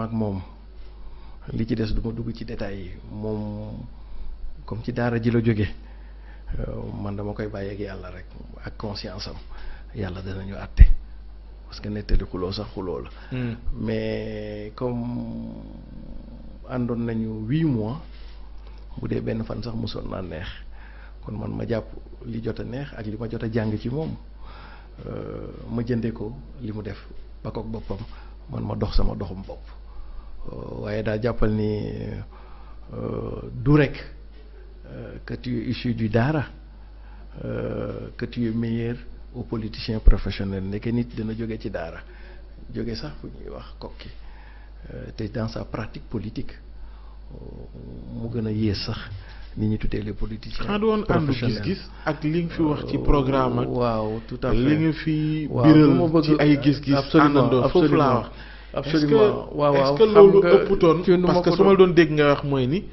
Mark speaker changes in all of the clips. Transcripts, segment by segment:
Speaker 1: maag moom li ci des du ma dugg ci détails yi moom comme ci daara ji la jóge euh, man dama koy bàyyi ak yàlla rek ak conscience am yàlla danañu àtte parce que nettali xuloo sax xuloo la. Hmm. mais comme àndoon nañu huit mois bu dee benn fan sax mu mosoon naa neex kon man ma jàpp li jot a neex ak li ma jot a jàng ci moom euh, ma jëndee ko li mu def ba kook boppam man ma dox sama doxum bopp. waaye daal jàppal ni euh, du rek euh, que tu es du daara euh, que tu es meilleur au politicien professionnel ndeke nit dina jóge ci daara jóge sax fu ñuy wax kokki te dans pratique politique mu gën a yées sax ni ñu tuddee les politiciens. xanaa doon ànd gis-gis ak
Speaker 2: li nga fi wax ci programme ak. waaw tout à fait li nga fi. waaw ci ay gis-gis. àndandoo foofu laa wax. absolument waaw waaw est-ce que loolu ëpputoon parce que su ma doon dégg ngay wax mooy ni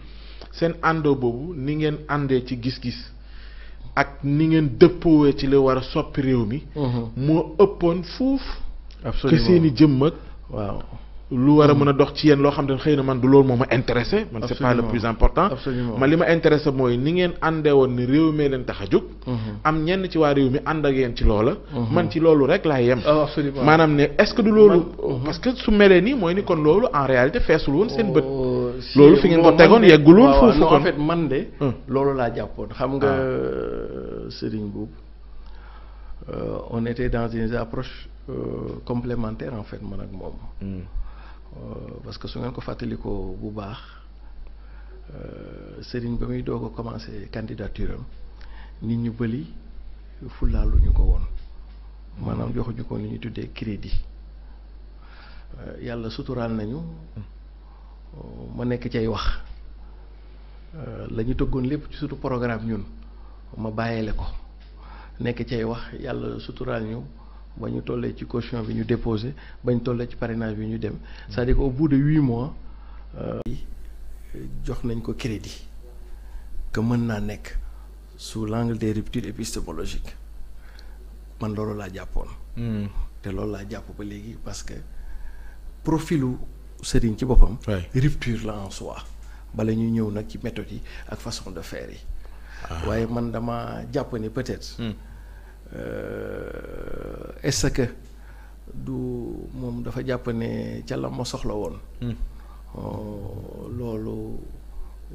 Speaker 2: seen àndoo boobu ni ngeen àndee ci gis-gis ak ni ngeen dëppoowee ci la war a soppi réew mi mhm. moo ëppoon fuuf que seen i waaw lu war a mën a dox ci yéen loo xam ne xëy na man du loolu moo ma intéressé man c'est pas le plus important man li ma intéressé mooy ni ngeen àndee woon ni réew mi leen tax a jóg mhm. am ñenn ci waa réew mi ànd ak yéen ci loola mhm. man ci loolu rek laa yem oh, maanaam ne est-ce que du loolu mhm. que su melee nii mooy ni kon loolu en réalité feesul woon seen bët oh, loolu fi ngeen ko tegoon yeggul woon foofu kon en fait
Speaker 1: man de loolu laa jàppoon xam nga ah. euh, Serigne Boub euh, on était dans une approche euh, complémentaire en fait man ak moom Euh, parce que su ngeen ko fàttalikoo bu baax euh, Serigne ba muy doog a commencé candidature am nit ñu bëri fulaalu ñu ko woon maanaam joxuñu ko li ñu tuddee crédit euh, yàlla suturaal nañu ma nekk cay wax la ñu tëggoon lépp ci suñu programme ñun ma bàyyile ko nekk cay wax yàlla suturaal ñu. ba ñu tollee ci caution bi ñu déposé ba ñu tollee ci parinage bi ñu dem c'est-à-dire qu'au bout de huit mois euh, jox nañ ko crédit que mën naa nekk su l'angle des ruptures épistémologiques man loolu laa jàppoon hmm. te loolu laa jàpp ba léegi parce que profilu sëriñ ci boppam rupture la en soi bala ñuy ñëw nag ci méthodes yi ak façon de faire yi ah. waaye man dama jàpp ni peut-être hmm. Euh, est du moom dafa jàpp ne ca la ma soxla woon. Hmm. Euh, loolu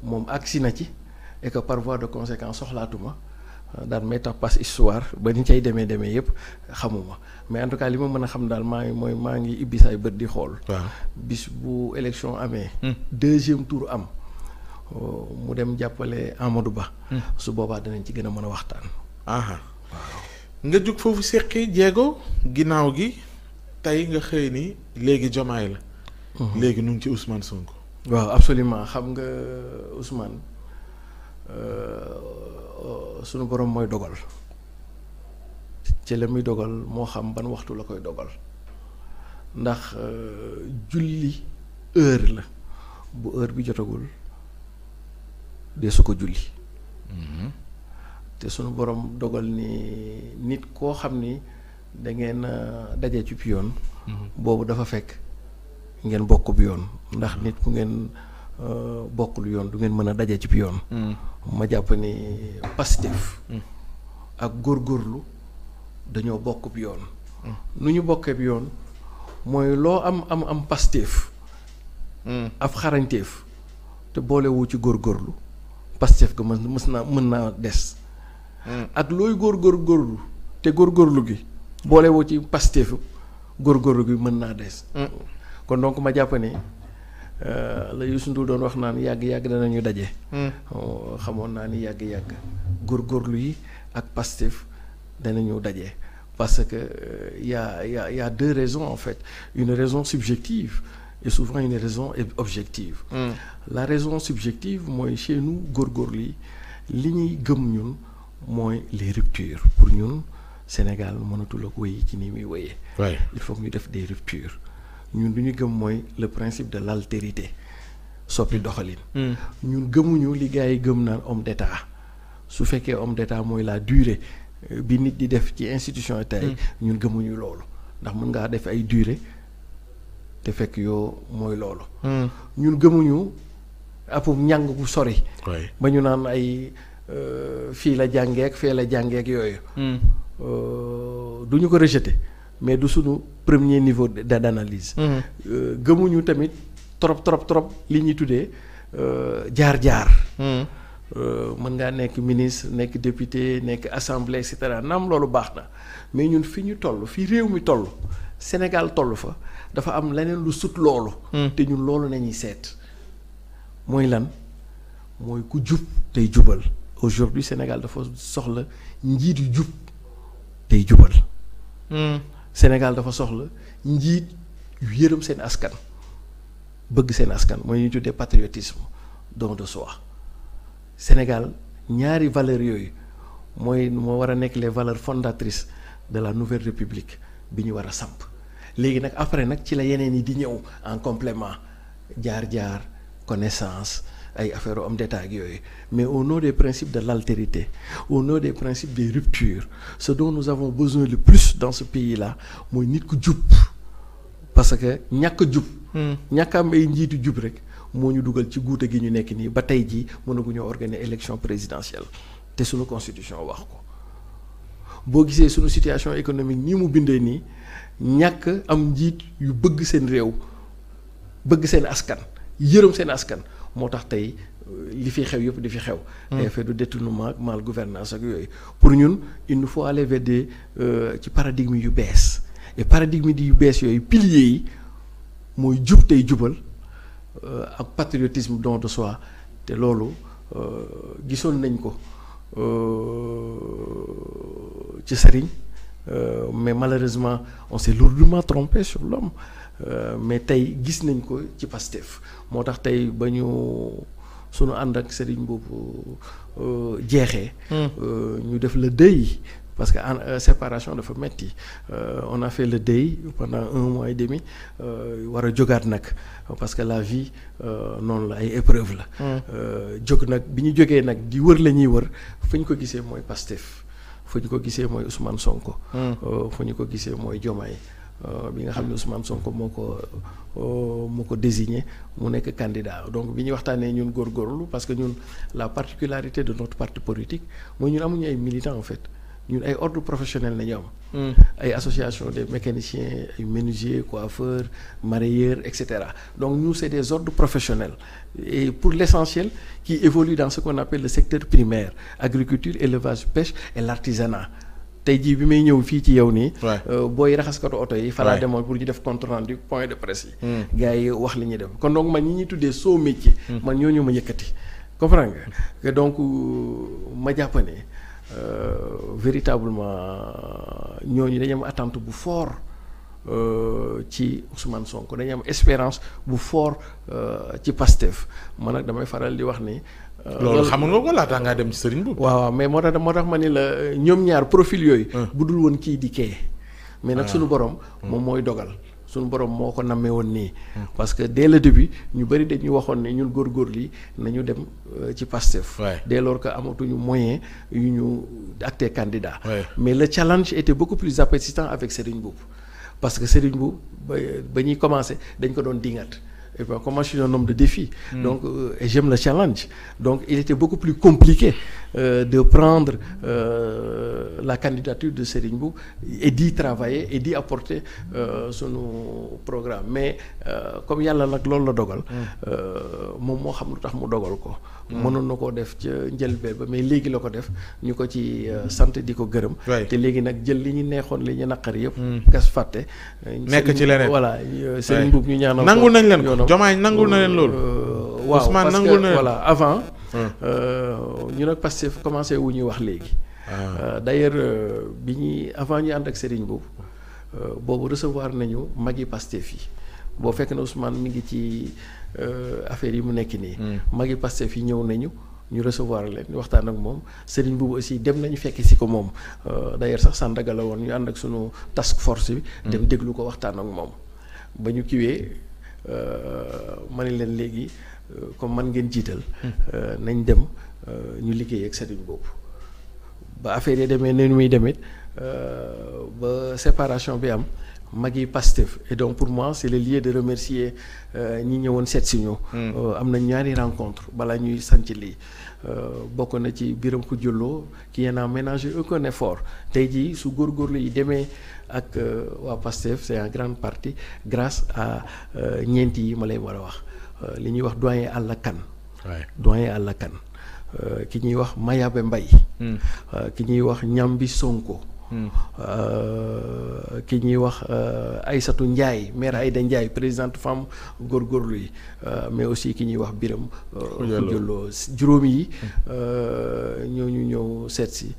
Speaker 1: moom agsi na ci et que par voie de conséquence soxlaatuma euh, daan may tappaas histoire ba ni cay demee demee yëpp xamuma mais en tout cas li ma mën a xam daal maa ngi mooy maa ngi ibbi saay bët di xool. bis bu élection amee. Hmm. deuxième tour am. mu dem jàppale Amadou Ba.
Speaker 2: Hmm. su boobaa danañ ci gën a mën a waxtaan. Ah ah. nga jug foofu séqi jéego ginnaaw gi tey nga xëy ni léegi jomaay la. Mhm. léegi nu ngi ci Ousmane ko waaw absolument xam nga euh, Ousmane
Speaker 1: euh, euh, sunu borom mooy dogal ci la muy dogal moo xam ban waxtu la koy dogal ndax julli heure la bu heure bi jotagul de su ko julli. Mhm. te sunu borom dogal ni nit koo xam ni da ngeen euh, daje ci piyoon mhm. boobu dafa fekk ngeen bokk yoon ndax nit ku ngeen euh, bokkul yoon du ngeen mën a daje ci piyoon mhm. ma jàpp ni Pastef mhm. ak góorgóorlu dañoo bokk bi yoon nu ñu bokkee bi yoon mooy loo am am am Pastef ab xarañteef te boolewu ci góorgóorlu Pastef ga mën mës naa mën naa des ak looy góor góor góorlu te góor góorlu gi boole woo ci góor góorlu gi mën naa des mm. kon donc ma jàpp ne euh, la Youssou Ndour doon wax naan yàgg-yàgg danañu daje mm. oh, xamoon naa ni yàgg-yàgg góor góorgóorlu yi ak Pastef danañu daje parce que euh, y a y a y a deux raisons en fait une raison subjective et souvent une raison objective mm. la raison subjective mooy chez nous góorgóorlu yi li ñuy gëm ñun mooy les ruptures pour ñun Sénégal mënatul ak wéy ci nii muy wéyee. il faut que ñu def des ruptures ñun du ñu gëm mooy le principe de l'altérité soppi doxalin. Hmm. ñun gëmuñu li gars gëm naan homme d'état su fekkee homme d'état mooy la durée euh, bi nit di def ci institution état hmm. ñun gëmuñu loolu ndax mën ngaa def ay durée te fekk yoo mooy loolu. Hmm. ñun gëmuñu apum ñàng ku sori. ba ñu naan ay. Euh, fii la jàngeek fee la jàngeek yooyu. Hmm. Euh, du ñu ko rejeter mais du suñu premier niveau de d'analyse. Hmm. Euh, gëmuñu tamit trop trop trop li ñuy tuddee jaar jaar. Hmm. mën ngaa nekk ministre nekk député nekk assemblée et cetera naam loolu baax na mais ñun fi ñu toll fi réew mi toll Sénégal toll fa dafa am leneen lu sut loolu. te ñun loolu nañuy seet. mooy lan mooy ku jub tey jubal. aujourd'hui Sénégal dafa soxla njiit yu jub tey jubal. Hmm. Sénégal dafa soxla njiit yu yërëm seen askan bëgg seen askan mooy ñu tuddee patriotisme don de soi Sénégal ñaari valeurs yooyu mooy moo war a nekk les valeurs fondatrices de la nouvelle république bi ñu war a samp léegi nag après nag ci la yeneen yi di ñëw en complément jaar-jaar connaissance ay affaire homme d'État ak yooyu mais au nom des principes de l'altérité au nom des principes des ruptures ce dont nous avons besoin le plus dans ce pays là mooy nit ku jub parce que ñàkk jub hmm. ñàkk am ay njiitu jub rek moo ñu dugal ci guute gi ñu nekk nii ba tey jii mënaguñoo organiser élection présidentielle te suñu constitution wax ko boo gisee suñu situation économique nii mu bindee nii ñàkk am njiit yu bëgg seen réew bëgg seen askan yërëm seen askan moo tax tey li fi xew yëpp di fi xew. Hmm. effet de détournement ak mal gouvernance ak yooyu pour ñun il foo faut de vers euh, ci paradigme yu bees et paradigme yu bees yooyu piliers yi mooy jub tey jubal euh, ak patriotisme don de soi te loolu euh, gisoon nañ ko ci sëriñ mais malheureusement on s'est lourdement trompé sur l'homme Euh, mais tey gis nañ ko ci Pastef moo tax tey ba ñu sunu ànd ak Serigne boobu euh, jeexee. Hmm. Euh, ñu def le deuil parce que en séparation dafa metti on a fait le deuil pendant un mois et demi war a jógaat nag parce que la vie noonu la ay épreuve la. Hmm. jóg nag bi ñu jógee nag di wër lañuy wër fu ñu ko gisee mooy Pastef fu ñu ko gisee mooy Ousmane Sonko. Hmm. fu ñu ko gisee mooy Diomaye. Euh, bi nga xam ne Ousmane Sonko moo ko euh, moo ko désigné mu nekk candidat donc bi ñuy waxtaanee ñun góorgóorlu parce que ñun la particularité de notre parti politique mooy ñun amuñu ay militants en fait ñun ay ordre professionnel nañu am. Hmm. ay association des mécaniciens ay menuisiers coiffeurs marailleurs et cetera donc ñu c'est des ordres professionnels et pour l'essentiel qui évoluent dans ce qu'on appelle le secteur primaire agriculture élevage pêche et l'artisanat tey jii bi may ñëw fii ci yow nii. Euh, booy raxaskatu oto yi. fa laa demoon pour ñu def compte rendu point de presse yi. Hmm. gars yi wax li ñuy def kon donc man ñi ñuy tuddee soo métier. Hmm. man ñooñu ma yëkkati. comprendre nga donc euh, ma jàpp ne euh, véritablement ñooñu dañu am attente bu fort ci Ousmane sonk dañu am espérance bu fort ci Pastef man nag damay faral di wax ni. loolu xam nga ko laataa ngaa dem ci sëriñ boobu. waaw waaw mais moo tax moo tax ma ni la ñoom ñaar profil yooyu. bu dul woon kii di kee. mais nag ah. suñu borom moom mooy dogal. suñu borom moo ko nammee woon nii. parce que dès le début ñu bëri dañuy waxoon ne ñun góorgóorlu yi nañu dem euh, ci Pastef. dès lors que amatuñu moyen yu ñu acté candidat. mais le challenge était beaucoup plus appétissant avec Serigne Boub. parce que Serigne Boub ba ba ñuy commencé dañ ko doon dingat et bien comment je suis un homme de défi hmm. donc euh, et j'aime le challenge donc il était beaucoup plus compliqué euh, de prendre euh, la candidature de Serigne Mboup et d'y travailler et d'y apporter euh, sunu programme mais euh, comme yàlla nag loolu la dogal hmm. moom moo xam lu tax mu dogal ko hmm. mënoon na koo def ca njëlbeen ba mais léegi la ko def ñu ko ci sant di ko gërëm te léegi nag jël li ñu neexoon li ñu naqari yëpp gas fàtte nekk ci leneen voilà Serigne Mboup ñu ñaanal nangu nañ leen ko Diomaye nangul na leen loolu. Euh, waaw Ousmane nangul na voilà avant. Euh, ñu nag Pastef commencé wu ñuy wax léegi. Ah. Euh, d'ailleurs bi ñuy avant ñuy ànd ak Serigne boobu. boobu recevoir nañu mag yi Pastef yi boo fekk na Ousmane mi ngi ci affaire yi mu nekk nii. mag yi Pastef yi ñëw nañu. ñu recevoir leen waxtaan ak moom Serigne boobu aussi dem nañu fekk si ko moom d'ailleurs sax Sandaga la woon ñu ànd ak sunu task force bi. dem déglu ko waxtaan ak moom ba ñu kiwee. Euh, ma ne leen léegi euh, comme man ngeen jiital. Euh, nañ dem ñu liggéey ak sëriñ boobu. ba affaire yi demee ni muy demit ba separation bi am. mag yi Pastef et donc pour moi c'est le lieu de remercier euh, ñi ñëwoon seet si ñu. Hmm. Euh, am na ñaari rencontre balaa ñuy sant lii euh, bokk na ci biram ku jëloo qui n'a ménagé aucun effort tey jii su góorgóorlu yi demee ak waa Pastef c'est en grande partie grace à ñeenti yi ma lay war a wax li ñuy wax doyen Alla Kane. doyen Alla Kane ki ñuy wax Mayabe Mbaye. Hmm. ki ñuy wax ñam bi Sonko. Hmm. Euh, ki ñuy wax ay euh, Aysatu Ndiaye maire Ayda Ndiaye présidente femme góorgóorlu yi euh, mais aussi ki ñuy wax Biram Xujaloo juróom yi hmm. ñoo ñu ñëw seet si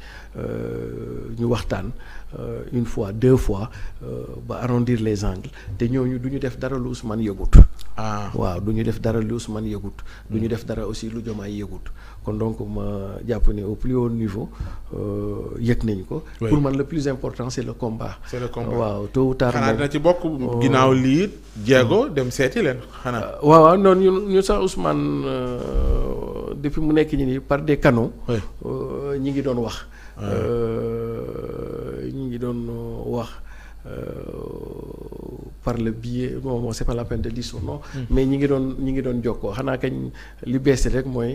Speaker 1: ñu waxtaan Euh, une fois deux fois euh, ba arrondir les angles te ñooñu du ñu def dara lu Ousmane yëgut ah. waaw du ñu def dara lu Ousmane yëgut du ñu def dara aussi lu Diomaye yëgut kon donc ma jàpp ne
Speaker 2: au plus haut niveau euh, yëg nañ ko pour
Speaker 1: man la plus important c'est le combat c'est le combat waaw tôt ou tard xanaa dina ci bokk ginnaaw oh. lii
Speaker 2: jéego dem seeti leen xanaa waaw
Speaker 1: waaw noonu ñun ñu sax Ousmane depuis mu nekk ñi nii par des canaux ñi ngi doon wax doon euh, wax euh, par le biais bon bon c'est pas la peine de dire son hmm. mais ñi ngi doon ñi ngi doon jokkoo xanaa kañ li bees rek mooy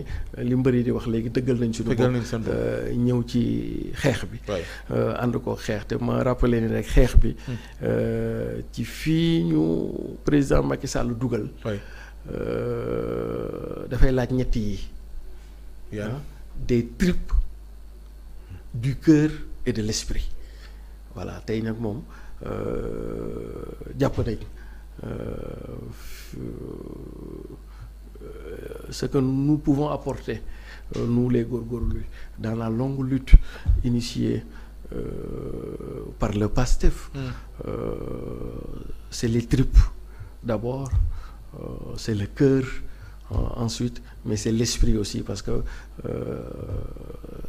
Speaker 1: li mbër yi di wax léegi dëggal nañ suñu bopp euh, ñëw ci xeex bi ànd ko xeex te ma rappelé ni rek xeex bi hmm. ci fii ñu président Macky Sall dugal dafay laaj ñetti yi des tripes du cœur et de l'esprit voilà tey nag moom euh, jàpp nañ euh, euh, ce que nous pouvons apporter nous les góorgóorlu dans la longue lutte initiée euh, par le PASTEF. Mm. Euh, c'est les tripes d'abord euh, c'est le cœur ensuite mais c'est l'esprit aussi parce que euh,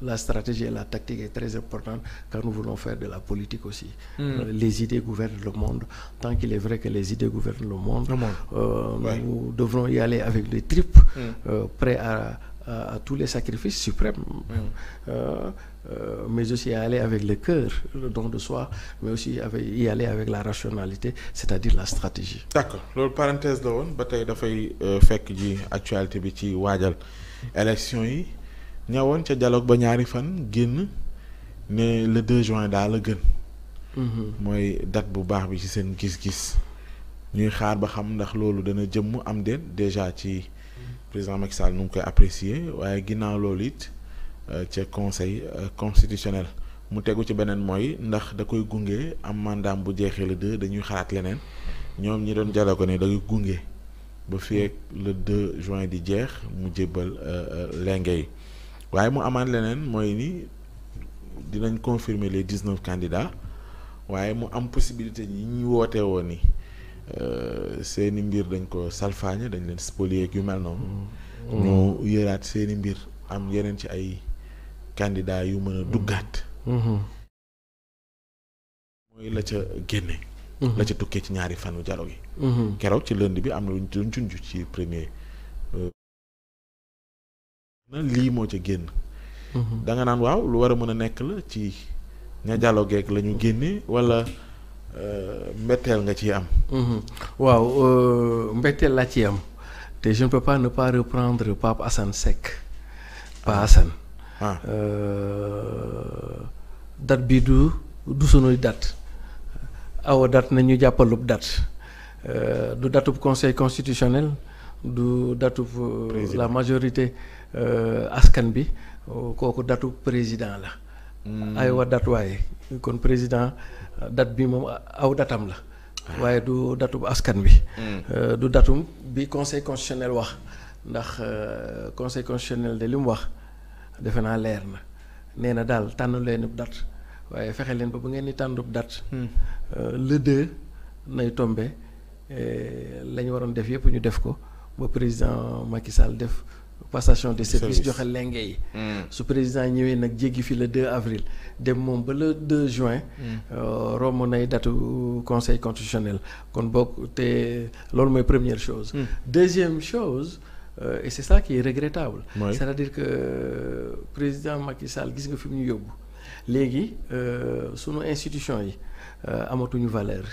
Speaker 1: la stratégie et la tactique est très importante quand nous voulons faire de la politique aussi. Hmm. Euh, les idées gouvernent le monde. Tant qu'il est vrai que les idées gouvernent le monde, le monde. Euh, ouais. nous devrons y aller avec des tripes, mm. à, à, à, tous les sacrifices suprêmes. Hmm. mais aussi à aller avec le cœur, le don de soi, mais aussi avec, y aller avec la rationalité, c'est-à-dire la stratégie.
Speaker 2: D'accord loolu parenthèse la woon ba tey dafay fekk ji actualité waajal élection yi ñëwoon ca dialogue ba ñaari fan génn ne le 2 juin daal la gën. Mm-hmm. mooy dat bu baax bi ci seen gis-gis. ñuy xaar ba xam ndax loolu dana jëmm am déet déjà ci président Macky mu ngi koy apprécier waaye ginnaaw loolu it euh, ca conseil euh, constitutionnel mu tegu ci beneen mooy ndax da koy gunge am mandaam bu jeexee la dañuy xalaat leneen ñoom ñi doon jale ko ne da gunge. ba fii ak le 2 juin di jeex mu jébbal euh, euh, lenge yi waaye mu amaan leneen mooy ni dinañ confirmer les 19 candidats waaye mu am possibilité ñi ñu woote woon ni euh, seeni mbir dañ ko salfaañe dañ leen spolier yu mel noonu. Mm. ñu mm. yëraat seeni mbir am yeneen ci ay candidats yu mën a duggaat. Mm-hmm. mooy la ca génne. Mm-hmm. la ca tukkee ci ñaari fanu jalo yi mm-hmm. keroog ci lundi bi am na luñ doon ci premier euh, na lii moo ca génn mm-hmm. danga naan waaw lu war a mën a nekk la ci ña jalo geeg la ñu génne wala euh, mbetteel nga ci am waaw euh, mbetteel laa ci am
Speaker 1: te je ne peux pas ne Pape Assane Seck Pa ah. Assane ah. bi du du sunuy date awa date nañu jàppalub date euh, du datub conseil constitutionnel du datub euh, la majorité euh, askan bi kooku datub président la hmm. aywa date waaye kon président date bi moom aw datam la ah. waaye du datub askan bi hmm. du datum bi conseil constitutionnel wax ndax conseil constitutionnel de li mu wax defe naa leer na nee na daal tànn leen dat waaye fexe leen ba bu ngeen di tàndub dat hmm. euh, le de nay tombe euh, la ñu waroon def yëpp ñu def ko ba président Macky Sall def passation de service joxe lenge yi. Hmm. su président ñëwee nag jéggi fi le de avril dem moom ba le 2 juin. Hmm. Euh, romb nay datu conseil constitutionnel kon bokk te loolu mooy première chose. deuxième chose. et c'est ça qui est regrettable. c'est-à-dire que président Macky Sall gis nga fi mu ñu yóbbu. léegi euh, sunu institution yi euh, amatuñu
Speaker 2: valeur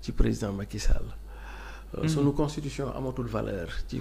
Speaker 2: ci président Macky Sall. Euh, mm-hmm. sunu constitution amatul valeur ci.